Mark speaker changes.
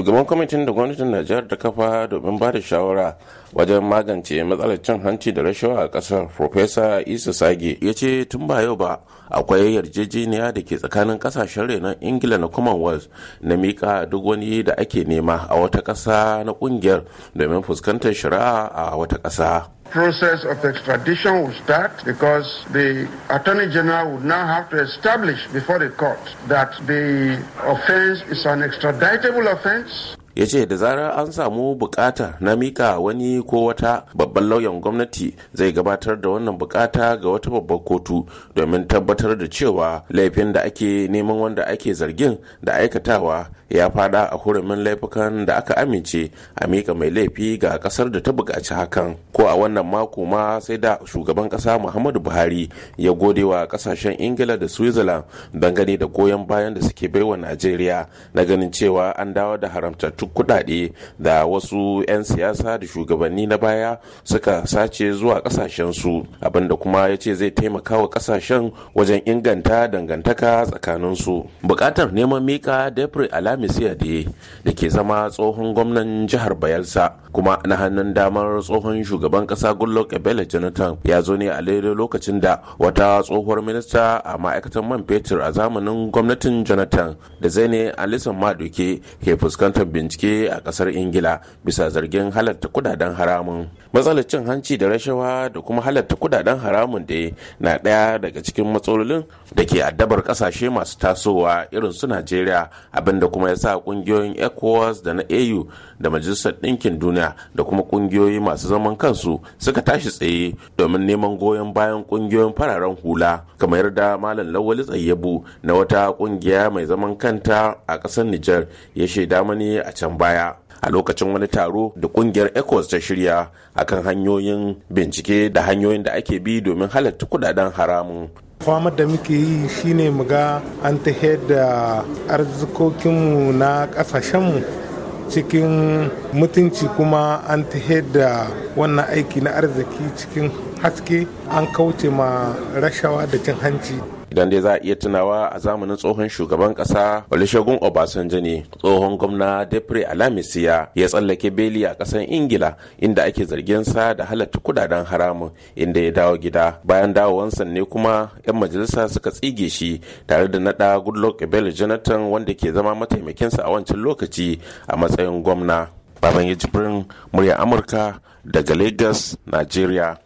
Speaker 1: shugaban kwamitin da gwamnatin najeriya ta kafa domin ba da shawara wajen magance matsalar cin hanci da rashawa a kasar Profesa isa sage ya ce tun ba yau ba akwai yarjejeniya da ke tsakanin kasashen renon ingila na commonwealth na mika duk wani da ake nema a wata ƙasa na ƙungiyar domin fuskantar shari'a a wata ƙasa process of extradition will start because the Attorney General would now have to establish before the court that the offense is an extraditable offense ya ce da zarar an samu bukata na mika wani ko wata babban lauyan gwamnati zai gabatar da wannan bukata ga wata babbar kotu domin tabbatar da cewa laifin da ake neman wanda ake zargin da aikatawa ya fada a hurumin laifukan da aka amince a mika mai laifi ga kasar da ta buƙaci hakan ko a wannan mako ma sai da shugaban ƙasa muhammadu buhari ya gode wa ƙasashen ingila da switzerland dangane da goyon bayan da suke baiwa najeriya na ganin cewa an dawo da haramtattu Kudade, da wasu 'yan siyasa da shugabanni na baya suka sace zuwa su abinda kuma ya ce zai taimaka wa kasashen wajen inganta dangantaka tsakaninsu bukatar neman mika depre alamisiya da ke zama tsohon gwamnan jihar bayelsa kuma na hannun damar tsohon shugaban ƙasa goodluck ebele jonathan ya zo ne a daidai lokacin da wata tsohuwar minista a ma'aikatan man fetur a zamanin gwamnatin jonathan da zai ne alisan maduke ke fuskantar bincike bincike a kasar ingila bisa zargin halatta kudaden haramun matsalar cin hanci da rashawa da kuma halatta kudaden haramun da na ɗaya daga cikin matsalolin da ke addabar kasashe masu tasowa irin su najeriya abinda kuma ya sa kungiyoyin ecowas da na au da majalisar ɗinkin duniya da kuma ƙungiyoyi masu zaman kansu suka tashi tsaye domin neman goyon bayan ƙungiyoyin fararen hula kamar yarda malam lawali tsayyabu na wata ƙungiya mai zaman kanta a ƙasar nijar ya shaida mani a can baya a lokacin wani taro da kungiyar ecos ta shirya a kan hanyoyin bincike da hanyoyin da ake bi domin halatta kudaden haramun
Speaker 2: famar da muke yi shine mu ga an ta da arzikokinmu na kasashenmu cikin mutunci kuma an ta da wannan aiki na arziki cikin haske an kauce ma rashawa da cin hanci
Speaker 1: idan dai za a iya tunawa a zamanin tsohon shugaban kasa olusegun obasanjo ne tsohon gwamna depre alamisiya ya tsallake beli a kasan ingila inda ake zargin sa da halatta kudaden haramun inda ya dawo gida bayan dawowansa ne kuma yan majalisa suka tsige shi tare da nada goodluck ebele jonathan wanda ke zama mataimakinsa a wancan lokaci
Speaker 2: a matsayin gwamna baban yajibirin amurka daga lagos nigeria